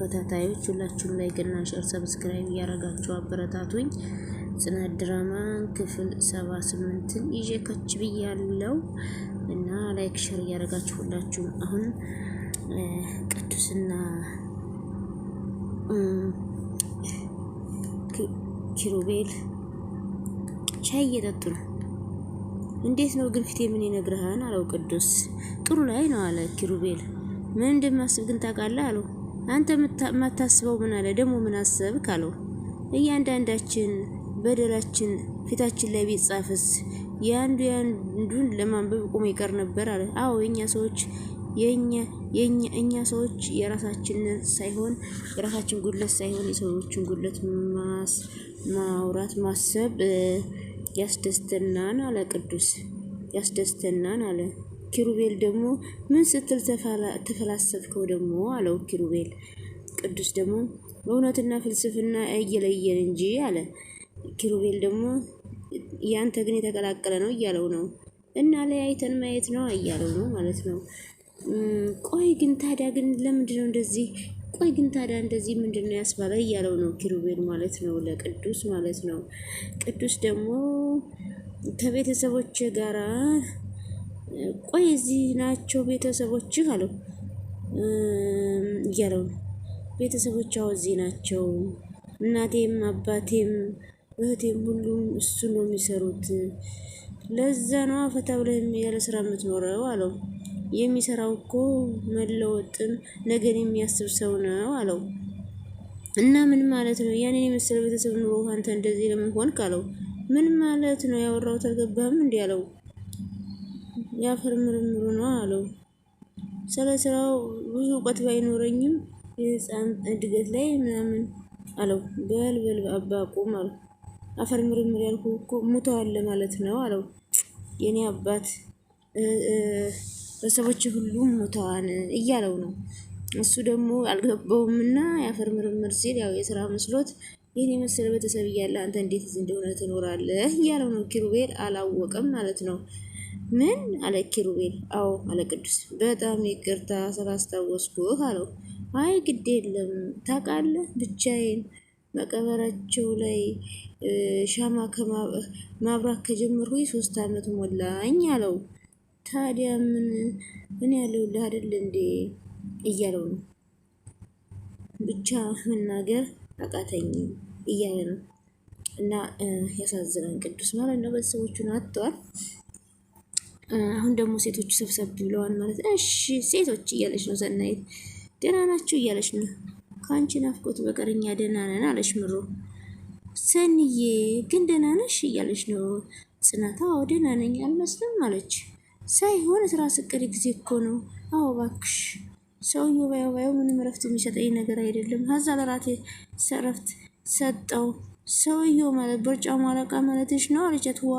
ተከታታዮች ሁላችሁም ላይክ እና ሼር ሰብስክራይብ እያረጋችሁ አበረታቱኝ። ጽናት ድራማ ክፍል ሰባ ስምንትን ይዤ ከች ብያለው እና ላይክ ሼር እያረጋችሁ ሁላችሁም። አሁን ቅዱስና ኪሩቤል ቻይ እየጠጡ ነው። እንዴት ነው ግን ፊቴ ምን ይነግርሃን? አለው ቅዱስ። ጥሩ ላይ ነው አለ ኪሩቤል። ምን እንደማስብ ግን ታውቃለህ አለው አንተ የማታስበው ምን አለ ደግሞ ምን አሰብክ አለው። እያንዳንዳችን በደላችን ፊታችን ላይ ቢጻፍስ የአንዱ የአንዱን ለማንበብ ቆሞ ይቀር ነበር አለ። አዎ የእኛ ሰዎች የኛ የኛ እኛ ሰዎች የራሳችንን ሳይሆን የራሳችን ጉድለት ሳይሆን የሰዎችን ጉድለት ማስ ማውራት ማሰብ ያስደስተናን አለ ቅዱስ ያስደስተናን አለ። ኪሩቤል ደግሞ ምን ስትል ተፈላሰፍከው ደግሞ አለው። ኪሩቤል ቅዱስ ደግሞ በእውነትና ፍልስፍና እየለየን እንጂ አለ። ኪሩቤል ደግሞ ያንተ ግን የተቀላቀለ ነው እያለው ነው። እና ለያይተን ማየት ነው እያለው ነው ማለት ነው። ቆይ ግን ታዲያ ግን ለምንድን ነው እንደዚህ? ቆይ ግን ታዲያ እንደዚህ ምንድን ነው ያስባለ እያለው ነው ኪሩቤል ማለት ነው ለቅዱስ ማለት ነው። ቅዱስ ደግሞ ከቤተሰቦች ጋራ ቆይ እዚህ ናቸው ቤተሰቦች አለው እያለው ነው። ቤተሰቦቿ እዚህ ናቸው። እናቴም አባቴም እህቴም ሁሉም እሱ ነው የሚሰሩት። ለዛ ነው ፈታ ብለህ ያለ ስራ የምትኖረው አለው። የሚሰራው እኮ መለወጥን ነገን የሚያስብ ሰው ነው አለው። እና ምን ማለት ነው ያንን የመሰለ ቤተሰብ ኑሮ አንተ እንደዚህ ለምን ሆንክ አለው። ምን ማለት ነው ያወራሁት አልገባህም እንዲህ አለው። የአፈር ምርምሩ ነው አለው። ስለ ስራው ብዙ እውቀት ባይኖረኝም የህፃን እድገት ላይ ምናምን አለው። በል በል አባ ቁም አለው። አፈር ምርምር ያልኩ እኮ ሙተዋል ማለት ነው አለው። የኔ አባት በሰዎች ሁሉ ሙተዋል እያለው ነው። እሱ ደግሞ አልገባውም እና የአፈር ምርምር ሲል ያው የስራ መስሎት ይህን የመሰለ ቤተሰብ እያለ አንተ እንዴት እንደሆነ ትኖራለህ እያለው ነው። ኪሩቤል አላወቀም ማለት ነው። ምን አለ ኪሩቤል። አዎ አለ ቅዱስ። በጣም ይቅርታ ስላስታወስኩህ አለው። አይ ግድ የለም ታውቃለህ፣ ብቻዬን መቀበራቸው ላይ ሻማ ማብራት ከጀመርኩኝ ሶስት ዓመት ሞላኝ አለው። ታዲያ ምን ምን ያለው ላደል እንዴ እያለው ነው። ብቻ መናገር አቃተኝ እያለ ነው። እና ያሳዝናን ቅዱስ ማለት ነው። ቤተሰቦቹን አጥተዋል። አሁን ደግሞ ሴቶቹ ሰብሰብ ብለዋል ማለት ነው። እሺ ሴቶች እያለች ነው ሰናይት። ደህና ናችሁ እያለች ነው። ከአንቺ ናፍቆት በቀር እኛ ደህና ነን አለች ምሮ። ሰንዬ ግን ደህና ነሽ እያለች ነው ጽናት። አዎ ደህና ነኝ አልመስልም አለች። ሳይሆን ስራ ስቀሪ ጊዜ እኮ ነው። አዎ እባክሽ ሰውዬው ባየው ባየው ምንም እረፍት የሚሰጠኝ ነገር አይደለም። ሀዛ ለራቴ እረፍት ሰጠው ሰውየው ማለት ቦርጫም አለቃ ማለትሽ ነው አለቻት። ዋ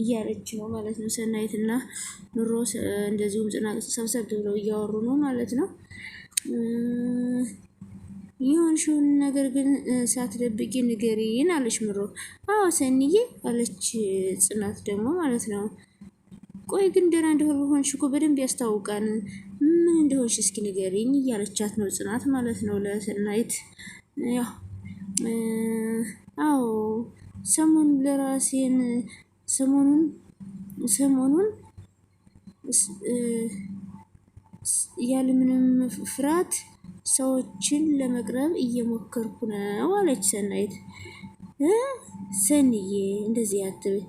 እያለች ነው ማለት ነው። ሰናይትና ኑሮ እንደዚሁም ጽናቅ ሰብሰብ ብለው እያወሩ ነው ማለት ነው። የሆንሽውን ነገር ግን ሳትደብቂ ንገሪን አለች ምሮ። አዎ ሰንዬ አለች ጽናት ደግሞ ማለት ነው። ቆይ ግን ደህና እንደሆንሽ እኮ በደንብ ያስታውቃል። ምን እንደሆንሽ እስኪ ንገሪኝ እያለቻት ነው ጽናት ማለት ነው ለሰናይት ያው አዎ ሰሞኑን ለራሴን ሰሞኑን ሰሞኑን ያለምንም ፍርሃት ሰዎችን ለመቅረብ እየሞከርኩ ነው አለች ሰናይት። ሰንዬ እንደዚህ አትበይ።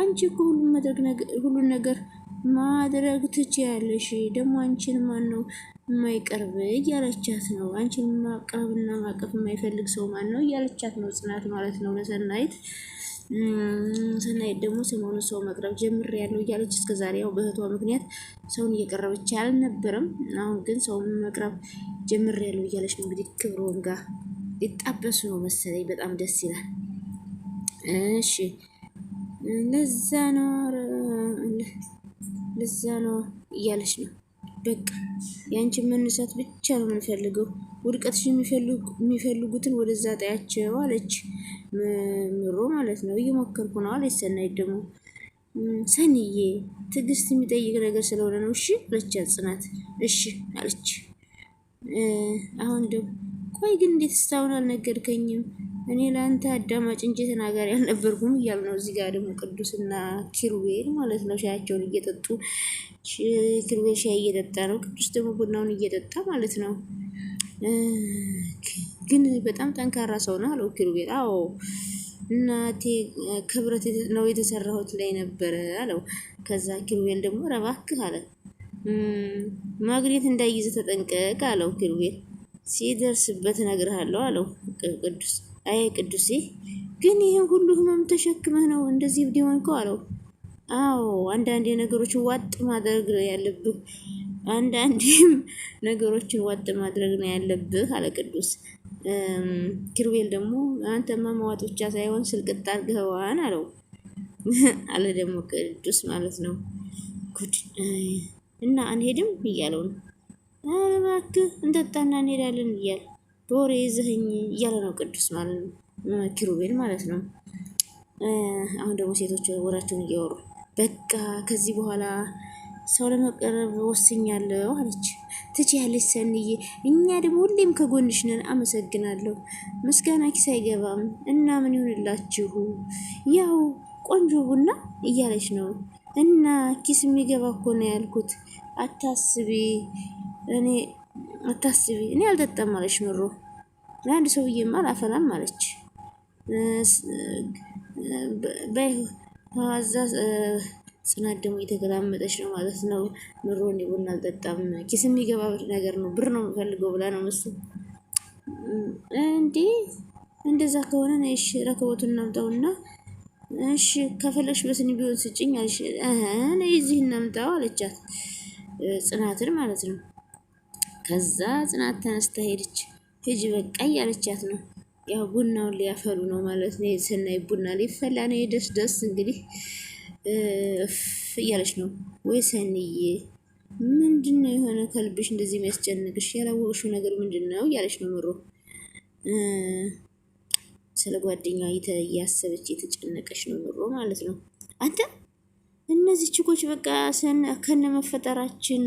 አንቺ እኮ ሁሉን ነገር ማድረግ ትችያለሽ። ደግሞ አንቺን ማን ነው የማይቀርብ እያለቻት ነው። አንቺን ማቅረብና ማቀፍ የማይፈልግ ሰው ማን ነው እያለቻት ነው ጽናት ማለት ነው ለሰናይት። ሰናይት ደግሞ ሰሞኑን ሰው መቅረብ ጀምር ያለው እያለች ዛሬ ያው በእህቷ ምክንያት ሰውን እየቀረበች አልነበረም። አሁን ግን ሰው መቅረብ ጀምር ያለው እያለች ነው እንግዲህ ክብሮን ጋር ሊጣበሱ ነው መሰለኝ። በጣም ደስ ይላል። እሺ ለዛ ነው ለዛ ነው እያለች ነው በቃ ያንቺን መነሳት ብቻ ነው የምንፈልገው። ውድቀትሽ የሚፈልጉትን ወደዛ ጣያቸው አለች ምሮ ማለት ነው። እየሞከርኩ ነው አለች ሰናይት። ደግሞ ሰኒዬ ትዕግስት የሚጠይቅ ነገር ስለሆነ ነው እሺ አለቻት ጽናት። እሺ አለች አሁን ደግሞ ቆይ ግን እንዴት እስካሁን አልነገርከኝም? እኔ ለአንተ አዳማጭ እንጂ ተናጋሪ አልነበርኩም እያሉ ነው። እዚህ ጋር ደግሞ ቅዱስና ኪሩቤል ማለት ነው ሻያቸውን እየጠጡ ኪሩቤል ሻይ እየጠጣ ነው፣ ቅዱስ ደግሞ ቡናውን እየጠጣ ማለት ነው። ግን በጣም ጠንካራ ሰው ነው አለው ኪሩቤል። አዎ እናቴ ከብረት ነው የተሰራሁት ላይ ነበረ አለው። ከዛ ኪሩቤል ደግሞ ረባክህ አለ። ማግኘት እንዳይዘ ተጠንቀቅ አለው ኪሩቤል ሲደርስበት እነግርሃለሁ አለው ቅዱስ። አይ ቅዱሴ ግን ይህን ሁሉ ህመም ተሸክመህ ነው እንደዚህ እብድ የሆንከው አለው። አዎ አንዳንዴ ነገሮችን ዋጥ ማድረግ ነው ያለብህ፣ አንዳንዴም ነገሮችን ዋጥ ማድረግ ነው ያለብህ አለ ቅዱስ። ኪሩቤል ደግሞ አንተ መዋጥ ብቻ ሳይሆን ስልቅጥ አድርገኸዋን አለው አለ ደግሞ ቅዱስ ማለት ነው። ጉድ እና አንሄድም እያለው ነው ኧረ እባክህ እንጠጣና እንሄዳለን እያለ በወሬ ዝህኝ እያለ ነው ቅዱስ ማለት ነው ኪሩቤል ማለት ነው። አሁን ደግሞ ሴቶች ወራቸውን እያወሩ በቃ ከዚህ በኋላ ሰው ለመቀረብ ወስኛለሁ አለች። ያለች ሰንዬ፣ እኛ ደግሞ ሁሌም ከጎንሽ ነን። አመሰግናለሁ። ምስጋና ኪስ አይገባም እና ምን ይሆንላችሁ ያው ቆንጆ ቡና እያለች ነው እና ኪስ የሚገባ እኮ ነው ያልኩት፣ አታስቢ እኔ አታስቢ፣ እኔ አልጠጣም አለች አንድ ለአንድ ሰውዬማ አፈላም አለች። በዛ ጽናት ደግሞ እየተገላመጠች ነው ማለት ነው። ምሮ እኔ ቡና አልጠጣም፣ ኪስ የሚገባ ነገር ነው፣ ብር ነው የምፈልገው ብላ ነው እሱ እንዴ እንደዛ ከሆነ እሺ፣ ረከቦቱን እናምጣውና፣ እሺ ከፈለሽ በስኒ ቢሆን ስጭኝ አለሽ። እኔ እዚህ እናምጣው አለቻት ጽናትን ማለት ነው። ከዛ ጽናት ተነስታ ሄደች። ሂጂ በቃ እያለቻት ነው። ያው ቡናውን ሊያፈሉ ነው ማለት ነው። ስናይ ቡና ሊፈላ ነው። ደስ ደስ እንግዲህ እያለች ነው። ወይ ሰንዬ ምንድን ነው የሆነ ከልብሽ እንደዚህ የሚያስጨንቅሽ ያላወቅሽው ነገር ምንድን ነው እያለች ነው ምሮ ስለ ጓደኛ እያሰበች የተጨነቀች ነው ምሮ ማለት ነው። አንተ እነዚህ ችኮች በቃ ከነ መፈጠራችን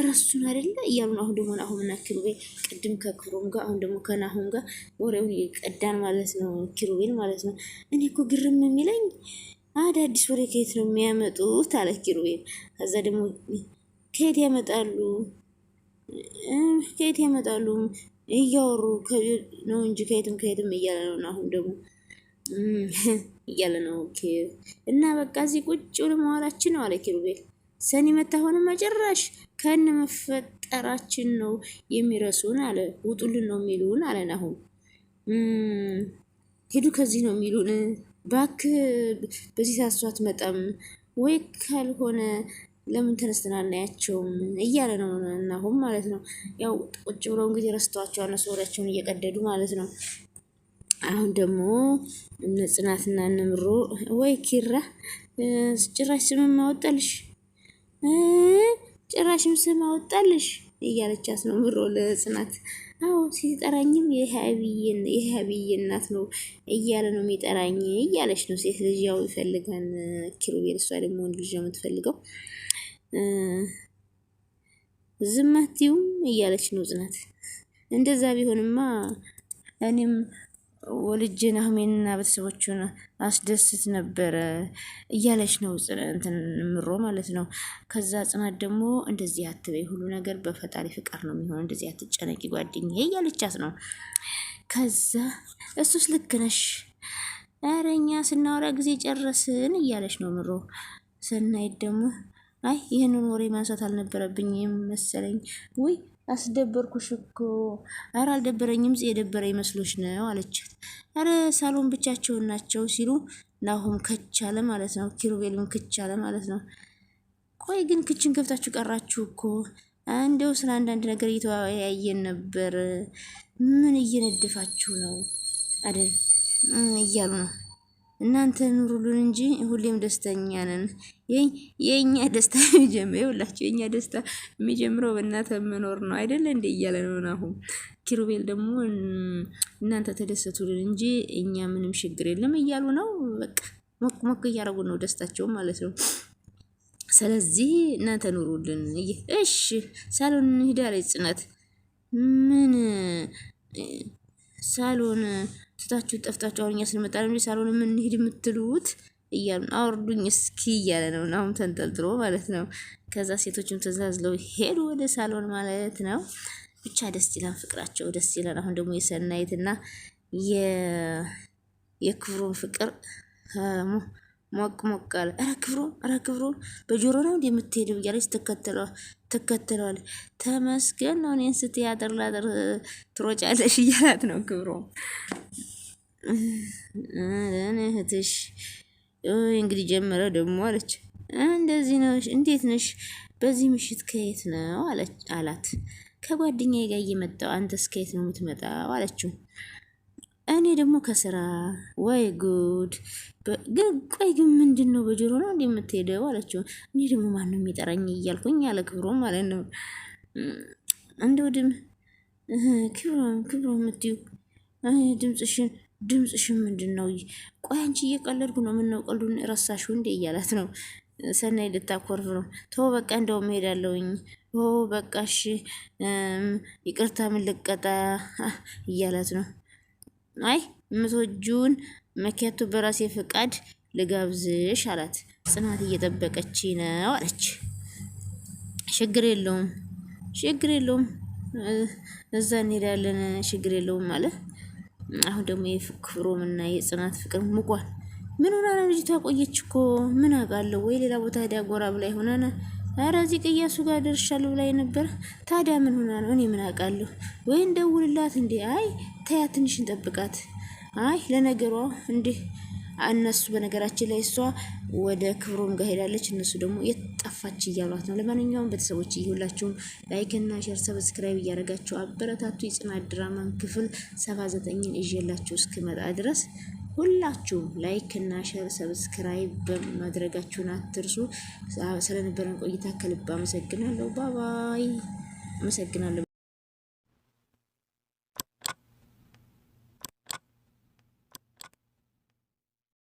እረሱን አይደለ እያሉን አሁን ደግሞ ናሁምና ኪሩቤል ቅድም ከክሮም ጋር አሁን ደግሞ ከናሁም ጋር ወሬውን ቀዳን ማለት ነው። ኪሩቤል ማለት ነው። እኔ እኮ ግርም የሚለኝ አዳዲስ ወሬ ከየት ነው የሚያመጡት? አለ ኪሩቤል። ከዛ ደግሞ ከየት ያመጣሉ ከየት ያመጣሉ እያወሩ ነው እንጂ ከየትም ከየትም እያለ ነው አሁን ደግሞ እያለ ነው እና በቃ እዚህ ቁጭ ብሎ መዋላችን ነው አለ ኪሩቤል። ሰኔ መታሆኑ መጨረሽ ከነ መፈጠራችን ነው የሚረሱን አለ። ውጡልን ነው የሚሉን አለን። አሁን ሄዱ ከዚህ ነው የሚሉን። ባክ በዚህ ሳሷት መጣም ወይ ካልሆነ ለምን ተነስተን አናያቸውም እያለ ነው እናሁም ማለት ነው። ያው ቁጭ ብለው እንግዲህ ረስተዋቸው እነሱ ወሬያቸውን እየቀደዱ ማለት ነው። አሁን ደግሞ እነ ጽናትና እነ ምሮ ወይ ኪራ ጭራሽ ስምም አወጣልሽ ጭራሽም ስም አወጣልሽ እያለች ነው ለጽናት። አዎ ሲጠራኝም የሀብዬ እናት ነው እያለ ነው የሚጠራኝ እያለች ነው። ሴት ልጅ ያው ይፈልጋን ኪሩቤል፣ እሷ ደግሞ ወንድ ልጅ ነው የምትፈልገው። ዝም አትይውም እያለች ነው ጽናት። እንደዛ ቢሆንማ እኔም ወልጄ ኑሃሚንና ቤተሰቦቹን አስደስት ነበረ እያለች ነው እንትን ምሮ ማለት ነው። ከዛ ጽናት ደግሞ እንደዚህ አትበይ፣ ሁሉ ነገር በፈጣሪ ፍቃድ ነው የሚሆን፣ እንደዚህ አትጨነቂ ጓደኛዬ እያለቻት ነው። ከዛ እሱስ ልክ ነሽ፣ ኧረ እኛ ስናወራ ጊዜ ጨረስን እያለች ነው ምሮ። ስናይት ደግሞ አይ ይህንን ወሬ ማንሳት አልነበረብኝም መሰለኝ ውይ አስደበርኩሽ እኮ። አረ አልደበረኝም፣ የደበረ ይመስሎች ነው አለቻት። አረ ሳሎን ብቻቸውን ናቸው ሲሉ ናሁም ከቻለ ማለት ነው፣ ኪሩቤልም ከቻለ ማለት ነው። ቆይ ግን ክችን ከፍታችሁ ቀራችሁ እኮ። እንደው ስለ አንዳንድ ነገር እየተወያየን ነበር። ምን እየነደፋችሁ ነው አደ እያሉ ነው እናንተ ኑሩልን እንጂ ሁሌም ደስተኛ ነን። የእኛ ደስታ የሚጀምረው ሁላችሁ የእኛ ደስታ የሚጀምረው በእናንተ መኖር ነው አይደለ እንዴ እያለ ነው ናሁም። ኪሩቤል ደግሞ እናንተ ተደሰቱልን እንጂ እኛ ምንም ችግር የለም እያሉ ነው። በቃ ሞክ ሞክ እያደረጉ ነው ደስታቸው ማለት ነው። ስለዚህ እናንተ ኑሩልን። እሺ ሳሎን ሂዳ ላይ ጽናት ምን ሳሎን ትታችሁ ጠፍታችሁ አሁን እኛ ስንመጣ ነው እንጂ ሳሎን የምንሄድ የምትሉት እያሉ አውርዱኝ እስኪ እያለ ነው። አሁን ተንጠልጥሎ ማለት ነው። ከዛ ሴቶችም ተዛዝለው ሄዱ ወደ ሳሎን ማለት ነው። ብቻ ደስ ይላል፣ ፍቅራቸው ደስ ይላል። አሁን ደግሞ የሰናይትና የክብሩን ፍቅር ሞቅ ሞቅ አለ። ኧረ ክብሮ ኧረ ክብሮ በጆሮ ነው እንደምትሄደው የምትሄደው እያለች ትከተለዋል። ተመስገን ነው እኔን ስትይ አጠር ትሮጫለሽ እያላት ነው ክብሮ እህትሽ እንግዲህ ጀመረ ደግሞ አለች። እንደዚህ ነው እንዴት ነሽ? በዚህ ምሽት ከየት ነው አላት። ከጓደኛዬ ጋር እየመጣሁ አንተስ ከየት ነው የምትመጣው አለችው። እኔ ደግሞ ከስራ ወይ ጉድ! ግን ቆይ ግን ምንድን ነው በጆሮ ነው እንዲ የምትሄደው አለችው። እኔ ደግሞ ነው የሚጠራኝ እያልኩኝ ያለ ክብሮ ማለት ነው እንደ ወድም ክብሮ ክብሮ የምትዩ ድምፅሽን ድምፅሽን ምንድን ነው? ቆይ አንቺ እየቀለድኩ ነው። ምነው ቀልዱን ረሳሽው እንዴ እያላት ነው። ሰናይ ልታኮርፍ ነው። ቶ በቃ እንደውም ሄዳለሁኝ። ኦ በቃ እሺ ይቅርታ፣ ምን ልቀጣ እያላት ነው አይ የምትወጂውን መኪያቱ በራሴ ፍቃድ ልጋብዝሽ አላት። ጽናት እየጠበቀች ነው አለች። ችግር የለውም ችግር የለውም እዛ እንሄዳለን ችግር የለውም ማለት አሁን ደግሞ የፍክፍሮም እና የጽናት ፍቅር ሙቋል። ምን ሆና ነው ልጅቷ? ቆየች እኮ ምን አውቃለሁ ወይ ሌላ ቦታ ዳጎራ ብላ ይሆናል ኧረ እዚህ ቅያሱ ጋር ደርሻለሁ ላይ ነበር። ታዲያ ምን ሆና ነው? እኔ ምን አውቃለሁ? ወይ እንደውልላት እንዴ? አይ ተያ ትንሽ እንጠብቃት። አይ ለነገሯ እንዴ እነሱ በነገራችን ላይ እሷ ወደ ክብሮም ጋር ሄዳለች፣ እነሱ ደግሞ የጠፋች እያሏት ነው። ለማንኛውም ቤተሰቦች ሁላችሁም ላይክ እና ሼር፣ ሰብስክራይብ እያደረጋችሁ አበረታቱ። የጽናት ድራማን ክፍል ሰባ ዘጠኝን ይዤላችሁ እስክመጣ ድረስ ሁላችሁም ላይክ እና ሸር ሰብስክራይብ በማድረጋችሁን አትርሱ። ስለነበረን ቆይታ ከልብ አመሰግናለሁ። ባባይ አመሰግናለሁ።